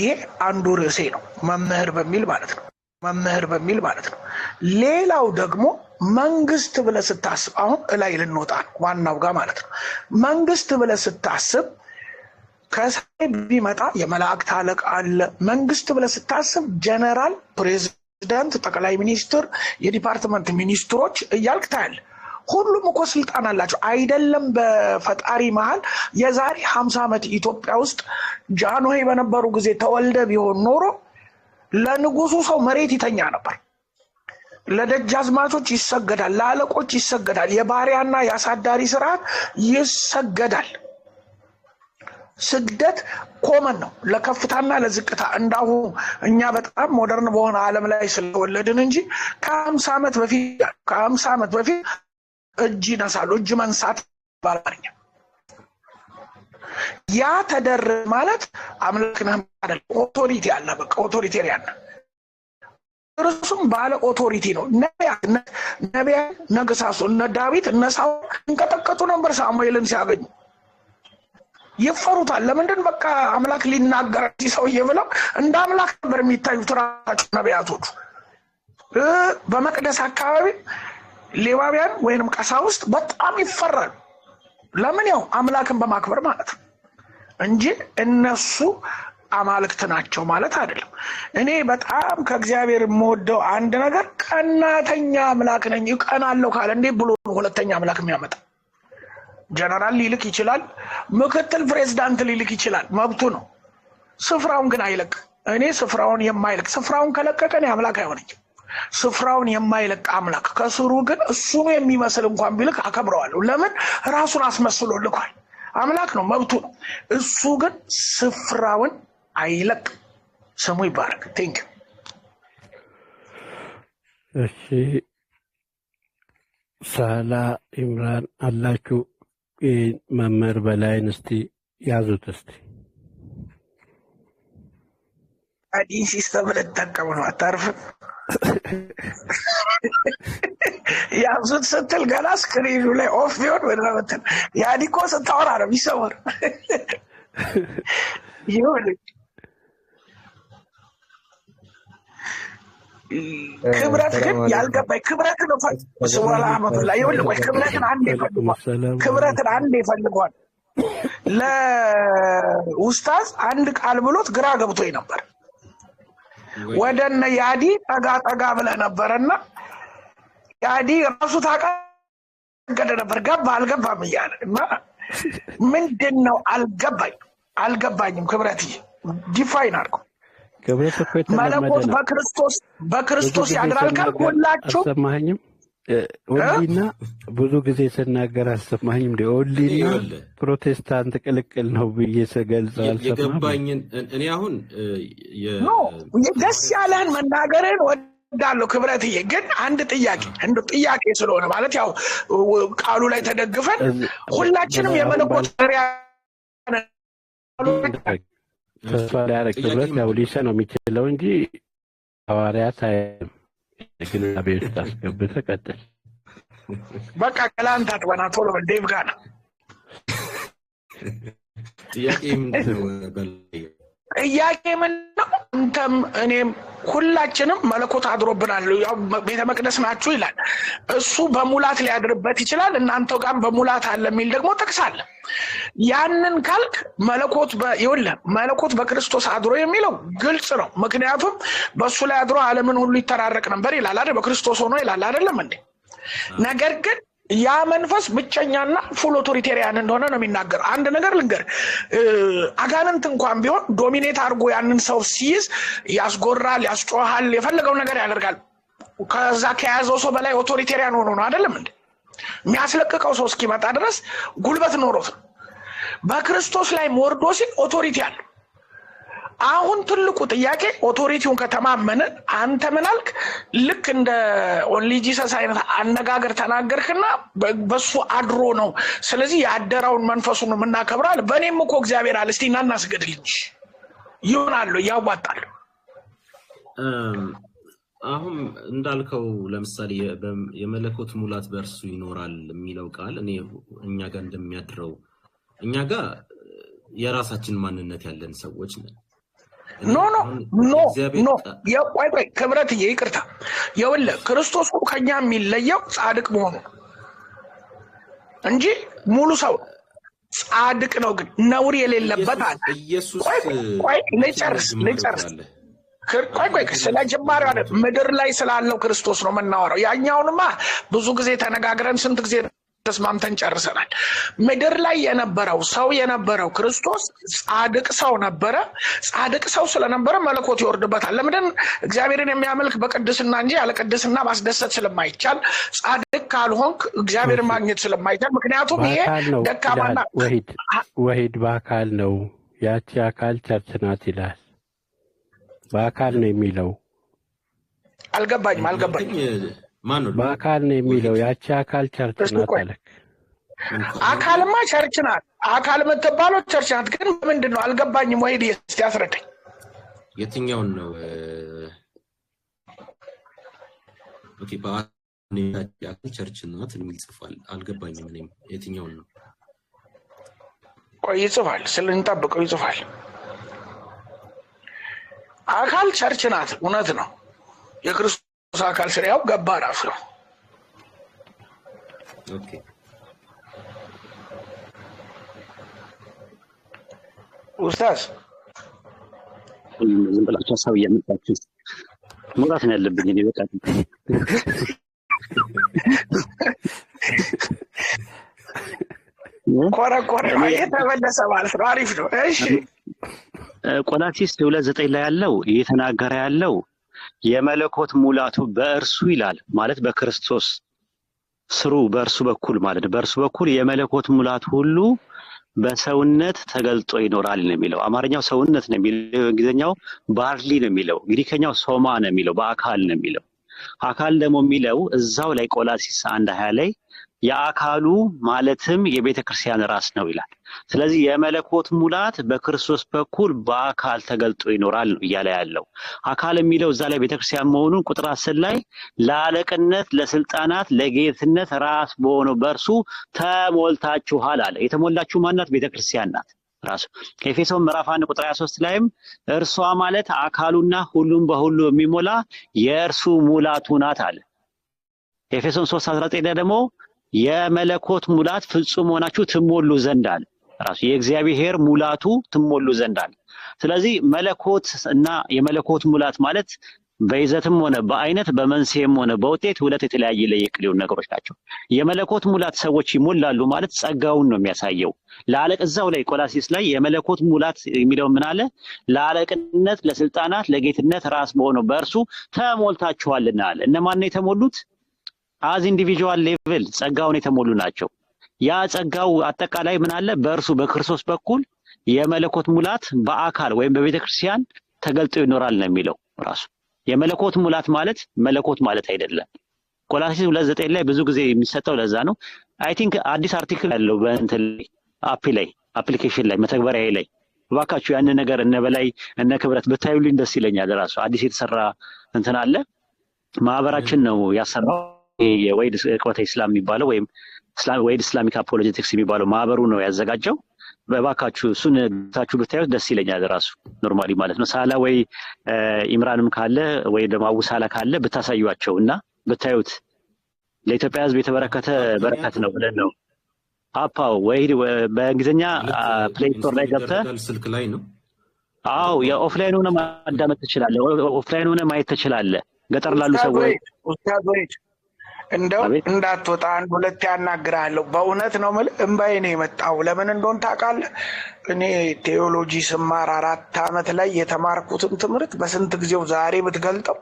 ይሄ አንዱ ርዕሴ ነው። መምህር በሚል ማለት ነው። መምህር በሚል ማለት ነው። ሌላው ደግሞ መንግስት ብለህ ስታስብ አሁን እላይ ልንወጣ ዋናው ጋር ማለት ነው። መንግስት ብለህ ስታስብ ከሰማይ ቢመጣ የመላእክት አለቃ አለ። መንግስት ብለህ ስታስብ ጀነራል፣ ፕሬዚደንት፣ ጠቅላይ ሚኒስትር፣ የዲፓርትመንት ሚኒስትሮች እያልክ ታያለህ። ሁሉም እኮ ስልጣን አላቸው አይደለም። በፈጣሪ መሀል የዛሬ ሀምሳ ዓመት ኢትዮጵያ ውስጥ ጃንሆይ በነበሩ ጊዜ ተወልደ ቢሆን ኖሮ ለንጉሱ ሰው መሬት ይተኛ ነበር። ለደጃዝማቾች ይሰገዳል፣ ለአለቆች ይሰገዳል፣ የባሪያና የአሳዳሪ ስርዓት ይሰገዳል። ስግደት ኮመን ነው ለከፍታና ለዝቅታ። እንዳሁ እኛ በጣም ሞደርን በሆነ ዓለም ላይ ስለወለድን እንጂ ከአምሳ ዓመት በፊት ዓመት በፊት እጅ ይነሳሉ። እጅ መንሳት በአማርኛ ያ ተደር ማለት አምላክ ነህ አይደል? ኦቶሪቲ አለ። በቃ ኦቶሪቴሪያን እርሱም ባለ ኦቶሪቲ ነው። ነቢያት ነቢያት ነግሳሱ እነ ዳዊት እነ ሳውል እንቀጠቀጡ ነበር ሳሙኤልን ሲያገኙ ይፈሩታል። ለምንድን በቃ አምላክ ሊናገረ ሰውዬ ብለው እንደ አምላክ ነበር የሚታዩት ራሳቸው ነቢያቶቹ በመቅደስ አካባቢ ሌዋውያን ወይንም ቀሳውስት በጣም ይፈራሉ። ለምን? ያው አምላክን በማክበር ማለት ነው እንጂ እነሱ አማልክት ናቸው ማለት አይደለም። እኔ በጣም ከእግዚአብሔር የምወደው አንድ ነገር ቀናተኛ አምላክ ነኝ እቀናለሁ ካለ እንዴ ብሎ ሁለተኛ አምላክ የሚያመጣ ጀነራል ሊልክ ይችላል፣ ምክትል ፕሬዚዳንት ሊልክ ይችላል፣ መብቱ ነው። ስፍራውን ግን አይለቅ። እኔ ስፍራውን የማይለቅ ስፍራውን ከለቀቀ እኔ አምላክ አይሆነኝም። ስፍራውን የማይለቅ አምላክ ከስሩ ግን እሱኑ የሚመስል እንኳን ቢልክ አከብረዋለሁ። ለምን ራሱን አስመስሎ ልኳል። አምላክ ነው፣ መብቱ ነው። እሱ ግን ስፍራውን አይለቅ። ስሙ ይባረክ። ቴንክ እሺ። ሳላ ኢምራን አላችሁ? መምህር በላይን እስቲ ያዙት እስቲ አዲ ሲስተም ልጠቀም ነው አታርፍም። ያዙት ስትል ገና ስክሪኑ ላይ ኦፍ ቢሆን ምናምትን ያዲ እኮ ስታወራ ነው የሚሰወር። ይሁን ክብረት ግን ያልገባኝ ክብረትን ስሞላ መላ ይሁን ቆይ ክብረትን አንድ ይፈልጓል። ክብረትን አንድ ይፈልጓል። ለውስታዝ አንድ ቃል ብሎት ግራ ገብቶኝ ነበር። ወደ እነ ያዲ ጠጋ ጠጋ ብለ ነበረና ያዲ ራሱ ታቀገደ ነበር ገባ አልገባም እያለ እና ምንድን ነው አልገባኝ አልገባኝም ክብረትዬ ዲፋይን አድርገው መለኮት በክርስቶስ በክርስቶስ ያድራልካል ካልኩ ሁላችሁ ኦንሊና ብዙ ጊዜ ስናገር አልሰማኝም። እንደ ኦንሊና ፕሮቴስታንት ቅልቅል ነው ብዬ ስገልጽ አልሰማኝም። እኔ አሁን ደስ ያለህን መናገርን ወዳለሁ ክብረትዬ፣ ግን አንድ ጥያቄ እንደ ጥያቄ ስለሆነ ማለት ያው ቃሉ ላይ ተደግፈን ሁላችንም የመለኮት ሪያ ላይ ሊያደርግ ክብረት ያው ሊሰ ነው የሚችለው እንጂ ሐዋርያት አይም ግንና ቤት ውስጥ አስገብተህ ቀጥል። በቃ ገላን ታጥበና ቶሎ ዴቭ ጋር ጥያቄ ምንድን ነው? ጥያቄ ምን ነው? አንተም እኔም ሁላችንም መለኮት አድሮብናል። ያው ቤተ መቅደስ ናችሁ ይላል። እሱ በሙላት ሊያድርበት ይችላል። እናንተ ጋርም በሙላት አለ የሚል ደግሞ ጥቅስ አለ። ያንን ካልክ መለኮት ይውለ መለኮት በክርስቶስ አድሮ የሚለው ግልጽ ነው። ምክንያቱም በእሱ ላይ አድሮ ዓለምን ሁሉ ይተራረቅ ነበር ይላል አይደል? በክርስቶስ ሆኖ ይላል አይደለም እንዴ? ነገር ግን ያ መንፈስ ብቸኛና ፉል ኦቶሪቴሪያን እንደሆነ ነው የሚናገር። አንድ ነገር ልንገር፣ አጋንንት እንኳን ቢሆን ዶሚኔት አድርጎ ያንን ሰው ሲይዝ ያስጎራል፣ ያስጮሃል፣ የፈለገው ነገር ያደርጋል። ከዛ ከያዘው ሰው በላይ ኦቶሪቴሪያን ሆኖ ነው አይደለም እንዴ? የሚያስለቅቀው ሰው እስኪመጣ ድረስ ጉልበት ኖሮት ነው። በክርስቶስ ላይ ወርዶ ሲል ኦቶሪቲ አለው። አሁን ትልቁ ጥያቄ ኦቶሪቲውን ከተማመን አንተ ምን አልክ? ልክ እንደ ኦንሊ ጂሰስ አይነት አነጋገር ተናገርክና በሱ አድሮ ነው። ስለዚህ የአደራውን መንፈሱን የምናከብራል። በእኔም እኮ እግዚአብሔር አለ። እስቲ ና እናስገድልኝ ይሆናሉ ያዋጣሉ። አሁን እንዳልከው ለምሳሌ የመለኮት ሙላት በእርሱ ይኖራል የሚለው ቃል እኔ እኛ ጋር እንደሚያድረው እኛ ጋር የራሳችን ማንነት ያለን ሰዎች ነን። ኖ ኖ ኖ ኖ የቆይ ቆይ ክብረትዬ ይቅርታ የውለ ክርስቶስ እኮ ከኛ የሚለየው ጻድቅ መሆኑ እንጂ ሙሉ ሰው ጻድቅ ነው፣ ግን ነውር የሌለበት አለ። ቆይ ልጨርስ ልጨርስ። ቆይ ቆይ ስለ ጅማሬው ምድር ላይ ስላለው ክርስቶስ ነው የምናወራው። ያኛውንማ ብዙ ጊዜ ተነጋግረን ስንት ጊዜ ነው ተስማምተን ጨርሰናል። ምድር ላይ የነበረው ሰው የነበረው ክርስቶስ ጻድቅ ሰው ነበረ። ጻድቅ ሰው ስለነበረ መለኮት ይወርድበታል። ለምንድን እግዚአብሔርን የሚያመልክ በቅድስና እንጂ ያለ ቅድስና ማስደሰት ስለማይቻል፣ ጻድቅ ካልሆንክ እግዚአብሔር ማግኘት ስለማይቻል፣ ምክንያቱም ይሄ ደካማና ወሂድ በአካል ነው። ያቺ አካል ቸርች ናት ይላል። በአካል ነው የሚለው አልገባኝም፣ አልገባኝም ማነው በአካል ነው የሚለው? ያቺ አካል ቸርች ናት አለ። አካልማ ቸርች ናት። አካል የምትባለው ቸርች ናት። ግን ምንድን ነው አልገባኝም። ወይድ እስኪ አስረዳኝ። የትኛውን ነው በአካል ቸርች ናት የሚል ጽፏል። አልገባኝም። እኔም የትኛውን ነው? ቆይ ይጽፋል፣ ስለንጠብቀው ይጽፋል። አካል ቸርች ናት። እውነት ነው የክርስቶ ሳ አካል ስር ያው ገባ ራሱ ነው። ኡስታዝ ዝም ብላችሁ ሀሳብ እያመጣችሁ መውጣት ነው ያለብኝ እኔ በቃ የተመለሰ ማለት ነው። አሪፍ ነው። እሺ ቆላሲስ ሁለት ዘጠኝ ላይ ያለው እየተናገረ ያለው የመለኮት ሙላቱ በእርሱ ይላል ማለት በክርስቶስ ስሩ በእርሱ በኩል ማለት ነው። በእርሱ በኩል የመለኮት ሙላት ሁሉ በሰውነት ተገልጦ ይኖራል ነው የሚለው። አማርኛው ሰውነት ነው የሚለው፣ እንግሊዝኛው ባርሊ ነው የሚለው፣ ግሪከኛው ሶማ ነው የሚለው፣ በአካል ነው የሚለው። አካል ደግሞ የሚለው እዛው ላይ ቆላሲስ አንድ ሀያ ላይ የአካሉ ማለትም የቤተ ክርስቲያን ራስ ነው ይላል። ስለዚህ የመለኮት ሙላት በክርስቶስ በኩል በአካል ተገልጦ ይኖራል ነው እያለ ያለው። አካል የሚለው እዛ ላይ ቤተክርስቲያን መሆኑን ቁጥር አስር ላይ ለአለቅነት፣ ለስልጣናት፣ ለጌትነት ራስ በሆነው በእርሱ ተሞልታችኋል አለ። የተሞላችሁ ማናት? ቤተክርስቲያን ናት። ራሱ ከኤፌሶን ምዕራፍ አንድ ቁጥር ሶስት ላይም እርሷ ማለት አካሉና ሁሉም በሁሉ የሚሞላ የእርሱ ሙላቱ ናት አለ። ኤፌሶን 3 19 ላይ ደግሞ የመለኮት ሙላት ፍጹም ሆናችሁ ትሞሉ ዘንድ አለ። ራሱ የእግዚአብሔር ሙላቱ ትሞሉ ዘንድ አለ። ስለዚህ መለኮት እና የመለኮት ሙላት ማለት በይዘትም ሆነ በአይነት በመንስኤም ሆነ በውጤት ሁለት የተለያየ ለየቅ ሊሆኑ ነገሮች ናቸው። የመለኮት ሙላት ሰዎች ይሞላሉ ማለት ጸጋውን ነው የሚያሳየው። ለአለቅ እዛው ላይ ቆላሲስ ላይ የመለኮት ሙላት የሚለው ምን አለ? ለአለቅነት፣ ለስልጣናት፣ ለጌትነት ራስ በሆነው በእርሱ ተሞልታችኋልና አለ። እነማን ነው የተሞሉት? አዝ ኢንዲቪጁዋል ሌቭል ጸጋውን የተሞሉ ናቸው። ያ ጸጋው አጠቃላይ ምን አለ? በእርሱ በክርስቶስ በኩል የመለኮት ሙላት በአካል ወይም በቤተ ክርስቲያን ተገልጦ ይኖራል ነው የሚለው ራሱ። የመለኮት ሙላት ማለት መለኮት ማለት አይደለም። ቆላሲስ ሁለት ዘጠኝ ላይ ብዙ ጊዜ የሚሰጠው ለዛ ነው። አይ ቲንክ አዲስ አርቲክል ያለው በእንትን አፕ ላይ አፕሊኬሽን ላይ መተግበሪያ ላይ እባካችሁ ያንን ነገር እነ በላይ እነ ክብረት ብታዩልኝ ደስ ይለኛል። ራሱ አዲስ የተሰራ እንትን አለ ማህበራችን ነው ያሰራው የወይድ እቅበተ ስላም የሚባለው ወይም ወይድ ኢስላሚክ አፖሎጂቲክስ የሚባለው ማህበሩ ነው ያዘጋጀው። በባካችሁ እሱን ታችሁ ብታዩት ደስ ይለኛል። ራሱ ኖርማሊ ማለት ነው ሳላ ወይ ኢምራንም ካለ ወይ ደግሞ አቡ ሳላ ካለ ብታሳዩቸው እና ብታዩት ለኢትዮጵያ ህዝብ የተበረከተ በረከት ነው ብለን ነው አፓው ወይ በእንግሊዝኛ ፕሌይ ላይ ገብተ ስልክ ላይ ነው። የኦፍላይን ሆነ ማዳመጥ ትችላለ ኦፍላይን ሆነ ማየት ትችላለ ገጠር ላሉ ሰዎች እንደው እንዳትወጣ አንድ ሁለት ያናግራለሁ። በእውነት ነው የምልህ እምባዬ ነው የመጣው። ለምን እንደሆን ታውቃለህ? እኔ ቴዎሎጂ ስማር አራት ዓመት ላይ የተማርኩትን ትምህርት በስንት ጊዜው ዛሬ ብትገልጠው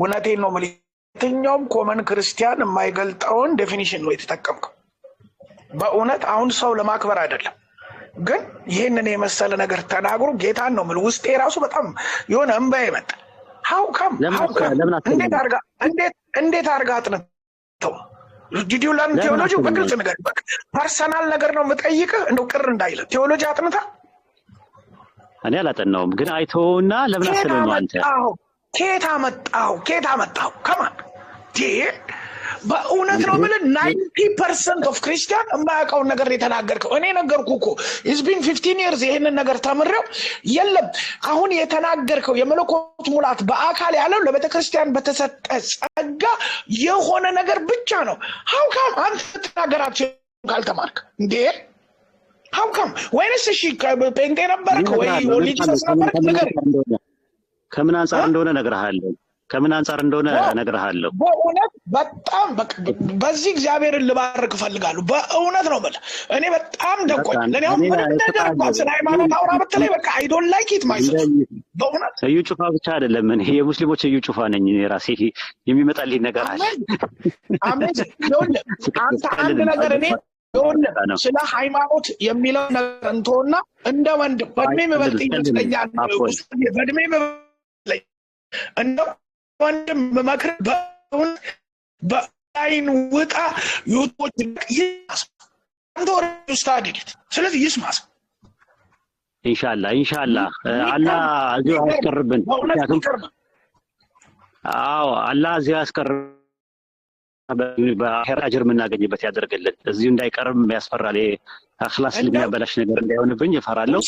እውነቴን ነው የምልህ። የትኛውም ኮመን ክርስቲያን የማይገልጠውን ዴፊኒሽን ነው የተጠቀምከው። በእውነት አሁን ሰው ለማክበር አይደለም ግን ይህንን የመሰለ ነገር ተናግሮ ጌታን ነው የምልህ ውስጤ ራሱ በጣም የሆነ እምባ ይመጣል። ሀውካም እንዴት አርጋ እንዴት አርጋ አጥነት ዲዲላን ቴዎሎጂ በግልጽ ነገር ፐርሰናል ነገር ነው የምጠይቅህ፣ እንደው ቅር እንዳይልህ። ቴዎሎጂ አጥንታ እኔ አላጠናውም፣ ግን አይቶና ለምን አስበህ ነው አንተ? ኬታ መጣሁ ኬታ መጣሁ ከማን በእውነት ነው የምልህ ናይንቲ ፐርሰንት ኦፍ ክርስቲያን የማያውቀውን ነገር የተናገርከው። እኔ ነገርኩ እኮ ኢዝቢን ፊፍቲን ይርስ ይህንን ነገር ተምሬው የለም። አሁን የተናገርከው የመለኮት ሙላት በአካል ያለው ለቤተክርስቲያን በተሰጠ ጸጋ የሆነ ነገር ብቻ ነው። ሀውካም አንተ ተናገራቸው ካልተማርክ እንዴ? ሀውካም ወይንስ እሺ ፔንቴ ነበርክ ወይ ልጅ ተሳፈርክ ከምን አንጻር እንደሆነ እነግርሃለሁ ከምን አንጻር እንደሆነ እነግርሃለሁ። በእውነት በጣም በዚህ እግዚአብሔርን ልባርክ እፈልጋለሁ። በእውነት ነው የምልህ። እኔ በጣም ደቆኝ። ለእኔ አሁን ምንም ነገር እንኳን ስለ ሃይማኖት አውራ ብትለኝ በቃ አይ ዶንት ላይክ ኢት ማይሰልፍ። በእውነት እዩ ጩፋ ብቻ አይደለም እኔ የሙስሊሞች እዩ ጩፋ ነኝ። ራሴ የሚመጣልኝ ነገር አለ። አንተ አንድ ነገር እኔ ስለ ሃይማኖት የሚለው ነገር እንትሆና እንደ ወንድም በእድሜ የምበልጥ ይመስለኛል በእድሜ የምበልጥ እንደው ወንድም መክር በአይን ውጣ ዩቶች ይስማስ አንተ ወረዱ ስታድግት ስለዚህ ይስማስ ኢንሻላ ኢንሻላ አላህ እዚሁ ያስቀርብን። ምክንያቱም አዎ አላህ እዚሁ ያስቀርብን። በአሄራ አጅር የምናገኝበት ያደርግልን። እዚሁ እንዳይቀርም ያስፈራል። አክላስ የሚያበላሽ ነገር እንዳይሆንብኝ እፈራለሁ።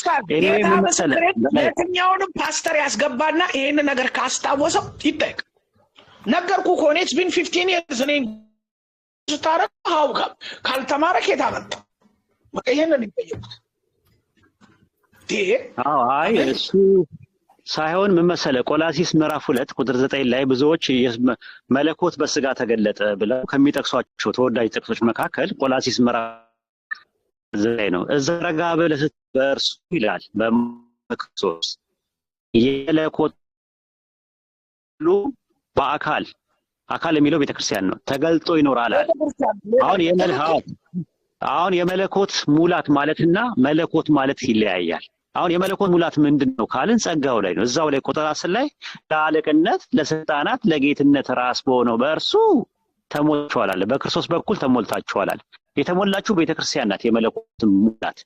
የትኛውንም ፓስተር ያስገባና ይህን ነገር ካስታወሰው ይጠቅ ነገርኩ ከሆነ ቢን ፊፍቲን የርስ እኔ ስታረግ ሀውካም ካልተማረክ የታመጣ ይሄንን ይጠየቁት። አይ እሱ ሳይሆን መመሰለ ቆላሲስ ምዕራፍ ሁለት ቁጥር ዘጠኝ ላይ ብዙዎች መለኮት በስጋ ተገለጠ ብለው ከሚጠቅሷቸው ተወዳጅ ጥቅሶች መካከል ቆላሲስ ምዕራፍ ዘጠኝ ነው። እዛ ረጋ ብለህ በእርሱ ይላል በክርስቶስ የመለኮት ሁሉ በአካል አካል የሚለው ቤተክርስቲያን ነው ተገልጦ ይኖራል አሁን የመልሃው አሁን የመለኮት ሙላት ማለትና መለኮት ማለት ይለያያል። አሁን የመለኮት ሙላት ምንድን ነው ካልን ጸጋው ላይ ነው። እዛው ላይ ቁጥር አስር ላይ ለአለቅነት፣ ለስልጣናት፣ ለጌትነት ራስ በሆነው በእርሱ ተሞልቸዋላለ በክርስቶስ በኩል ተሞልታችኋላል። የተሞላችሁ ቤተክርስቲያን ናት። የመለኮት ሙላት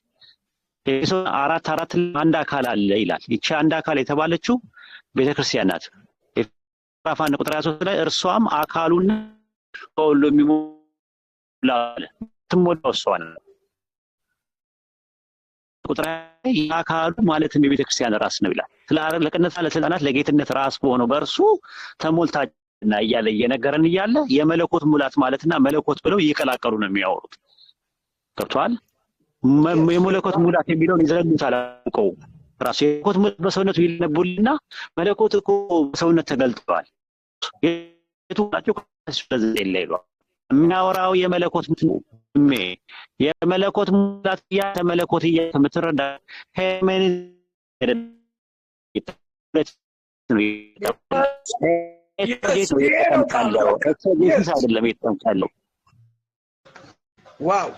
ኤፌሶን አራት አራት አንድ አካል አለ ይላል። ይቺ አንድ አካል የተባለችው ቤተክርስቲያን ናት። ራፍ አንድ ቁጥር ሶስት ላይ እርሷም አካሉና በሁሉ የሚሞላ ትሞላ እሷ ነው ቁጥር የአካሉ ማለትም የቤተ ክርስቲያን ራስ ነው ይላል። ለቅነትና ለስልጣናት ለጌትነት ራስ በሆነው በእርሱ ተሞልታና እያለ እየነገረን እያለ የመለኮት ሙላት ማለትና መለኮት ብለው እየቀላቀሉ ነው የሚያወሩት። ገብቷል። የመለኮት ሙላት የሚለውን ይዘነጉታል አውቀው ራሱ የመለኮት ሙላት በሰውነቱ ይነቡልና መለኮት እኮ በሰውነት ተገልጠዋል። ቱ ናቸው? ከዚህ የለ ይሏል የሚያወራው የመለኮት ሜ የመለኮት ሙላት እያለ መለኮት እያለ የምትረዳ ሄሜኒስ አይደለም የተጠምቃለው። ዋው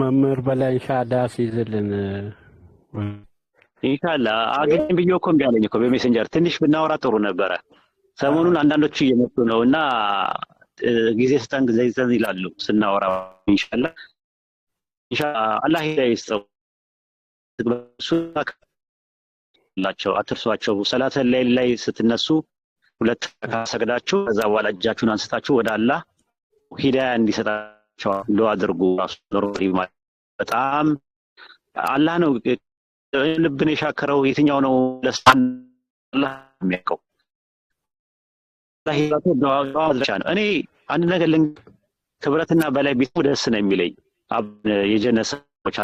መምህር በላይ ኢንሻአላ ሲይዝልን ኢንሻአላ አግኝ ብዬ እኮ እምቢ አለኝ እኮ በሜሴንጀር ትንሽ ብናወራ ጥሩ ነበረ። ሰሞኑን አንዳንዶቹ እየመጡ ነው እና ጊዜ ስጠን ጊዜ ስጠን ይላሉ ስናወራ ንሻላ አላ ይስጠው ላቸው አትርሷቸው። ሰላተ ሌሊት ላይ ስትነሱ ሁለት ሰግዳችሁ ከዛ በኋላ እጃችሁን አንስታችሁ ወደ አላ ሂዳያ እንዲሰጣቸው ዱዓ አድርጉ። በጣም አላህ ነው ልብን የሻከረው። የትኛው ነው ለስ አላህ የሚያውቀው። ህይወቱ በዋጋው አድራሻ ነው። እኔ አንድ ነገር ልን ክብረትና በላይ ቤት ደስ ነው የሚለኝ የጀነት ሰዎች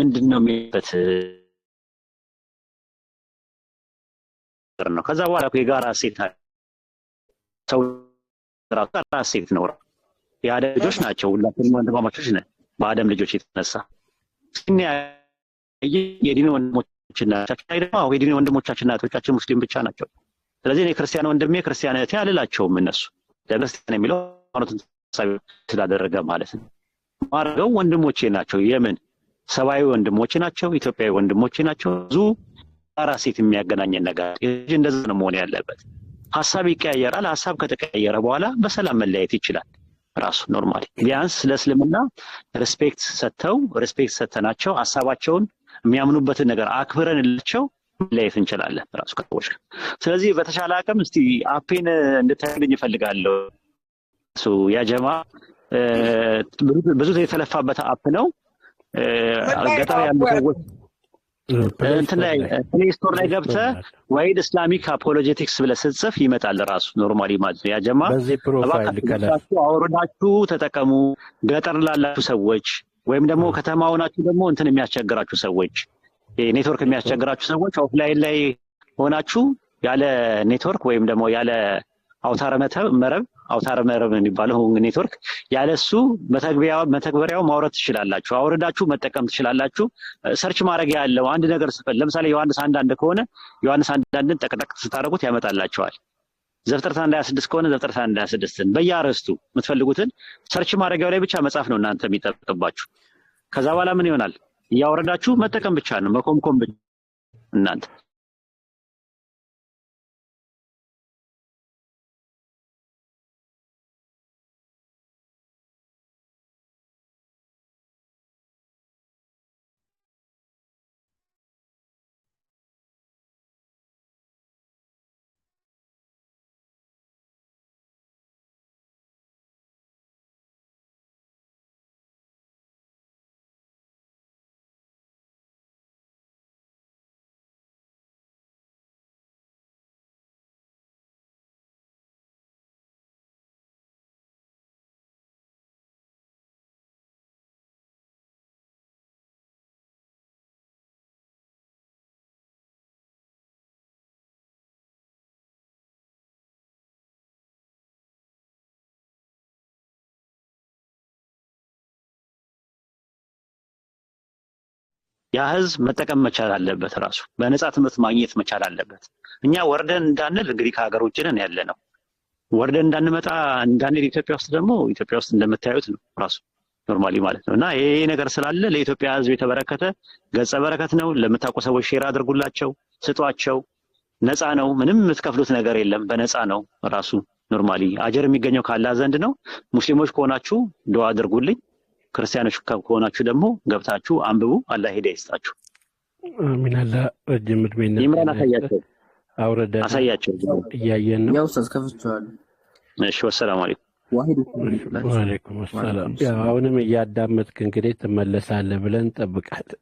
ምንድን ነው የሚበት ነው። ከዛ በኋላ የጋራ ሴት ሰው ጋራ ሴት ነው። የአደም ልጆች ናቸው። ሁላችንም ወንድማማቾች ነን። በአደም ልጆች የተነሳ የዲን ወንድሞች እናቶቻችን ደግሞ አሁ ዲኒ ወንድሞቻችን እናቶቻችን ሙስሊም ብቻ ናቸው። ስለዚህ እኔ ክርስቲያን ወንድሜ ክርስቲያን እህቴ አልላቸውም። እነሱ ለክርስቲያን የሚለው ሃይማኖትን ሳቢ ስላደረገ ማለት ነው። ማድረገው ወንድሞቼ ናቸው። የምን ሰብአዊ ወንድሞቼ ናቸው። ኢትዮጵያዊ ወንድሞቼ ናቸው። ብዙ ራ ሴት የሚያገናኘን ነገር እንደዛ ነው መሆን ያለበት። ሀሳብ ይቀያየራል። ሀሳብ ከተቀያየረ በኋላ በሰላም መለያየት ይችላል። ራሱ ኖርማል ቢያንስ ለእስልምና ሬስፔክት ሰጥተው ሬስፔክት ሰጥተናቸው ሀሳባቸውን የሚያምኑበትን ነገር አክብረን ላቸው ለየት እንችላለን ራሱ ከሰዎች ጋር። ስለዚህ በተሻለ አቅም እስቲ አፔን እንድታይልኝ ይፈልጋለሁ እሱ ያጀማ ብዙ የተለፋበት አፕ ነው። ገጠር ያሉ ሰዎች እንትን ላይ ስቶር ላይ ገብተ ወይድ እስላሚክ አፖሎጀቲክስ ብለ ስጽፍ ይመጣል ራሱ ኖርማሊ ማለት ነው። ያጀማ አውርዳችሁ ተጠቀሙ ገጠር ላላችሁ ሰዎች ወይም ደግሞ ከተማ ሆናችሁ ደግሞ እንትን የሚያስቸግራችሁ ሰዎች ኔትወርክ የሚያስቸግራችሁ ሰዎች ኦፍላይን ላይ ሆናችሁ ያለ ኔትወርክ ወይም ደግሞ ያለ አውታረ መረብ አውታረ መረብ የሚባለው ኔትወርክ ያለ እሱ መተግበሪያው ማውረድ ትችላላችሁ። አውረዳችሁ መጠቀም ትችላላችሁ። ሰርች ማድረግ ያለው አንድ ነገር ስፈል ለምሳሌ ዮሐንስ አንዳንድ ከሆነ ዮሐንስ አንዳንድን ጠቅጠቅ ስታደረጉት ያመጣላቸዋል። ዘፍጥረት አንድ ሀያ ስድስት ከሆነ ዘፍጥረት አንድ ሀያ ስድስትን በየአርዕስቱ የምትፈልጉትን ሰርች ማድረጊያው ላይ ብቻ መጻፍ ነው እናንተ የሚጠበቅባችሁ። ከዛ በኋላ ምን ይሆናል? እያወረዳችሁ መጠቀም ብቻ ነው መኮምኮም እናንተ ያ ህዝብ መጠቀም መቻል አለበት። ራሱ በነፃ ትምህርት ማግኘት መቻል አለበት። እኛ ወርደን እንዳንል እንግዲህ ከሀገር ውጭ ነን ያለ ነው። ወርደን እንዳንመጣ እንዳንል ኢትዮጵያ ውስጥ ደግሞ ኢትዮጵያ ውስጥ እንደምታዩት ነው ራሱ ኖርማሊ ማለት ነው። እና ይሄ ነገር ስላለ ለኢትዮጵያ ህዝብ የተበረከተ ገጸ በረከት ነው። ለምታውቁ ሰዎች ሼር አድርጉላቸው፣ ስጧቸው። ነፃ ነው። ምንም የምትከፍሉት ነገር የለም። በነፃ ነው ራሱ ኖርማሊ አጀር የሚገኘው ካላ ዘንድ ነው። ሙስሊሞች ከሆናችሁ ድዋ አድርጉልኝ። ክርስቲያኖች ከሆናችሁ ደግሞ ገብታችሁ አንብቡ። አላ ሄዳ ይስጣችሁ። ሚናላ አላህ ረጅም እድሜና ይምራን። አሳያቸው፣ አውረደ አሳያቸው። እያየን ነው። ያውሳዝ ከፍቼዋለሁ። እሺ፣ ወሰላሙ አለይኩም ዋሌኩም ሰላም። አሁንም እያዳመጥክ እንግዲህ ትመለሳለህ ብለን እንጠብቃለን።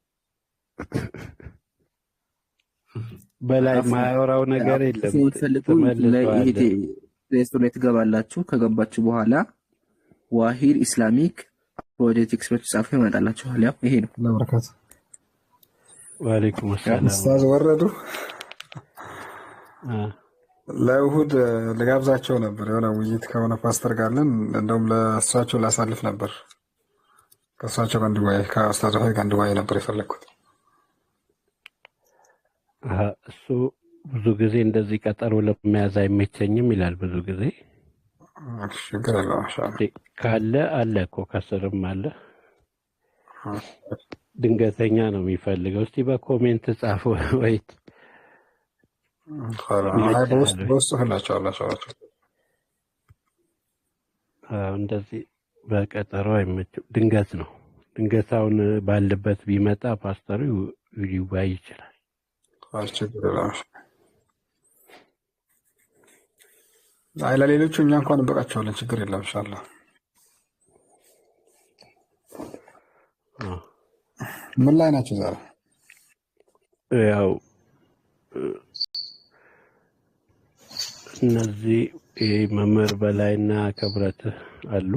በላይ ማያወራው ነገር የለም። ሬስቶሬንት ትገባላችሁ። ከገባችሁ በኋላ ዋሂድ ኢስላሚክ ፕሮጀክት ኤክስፐርት ጻፉ ይመጣላችኋል። ያው ይሄ ነው ለበረከት ወአለይኩም ሰላም። ኡስታዝ ወረዱ ለእሁድ ልጋብዛቸው ነበር የሆነ ውይይት ከሆነ ፓስተር ጋር እንደውም ለእሳቸው ላሳልፍ ነበር ከእሳቸው ጋር እንዲወያይ ከኡስታዝ ሆይ ጋር እንዲወያይ ነበር የፈለግኩት። እሱ ብዙ ጊዜ እንደዚህ ቀጠሮ ለመያዝ አይመቸኝም ይላል ብዙ ጊዜ ካለ አለ እኮ ከስርም አለ። ድንገተኛ ነው የሚፈልገው። እስቲ በኮሜንት ጻፉ። ወይ እንደዚህ በቀጠሮ አይመችም። ድንገት ነው ድንገት አሁን ባለበት ቢመጣ ፓስተሩ ሊዋይ ይችላል። ችግር አይ ለሌሎቹ እኛ እንኳን እንበቃቸዋለን። ችግር የለም። ይሻላ ምን ላይ ናቸው ዛሬ? ያው እነዚህ መምህር በላይና ክብረት አሉ።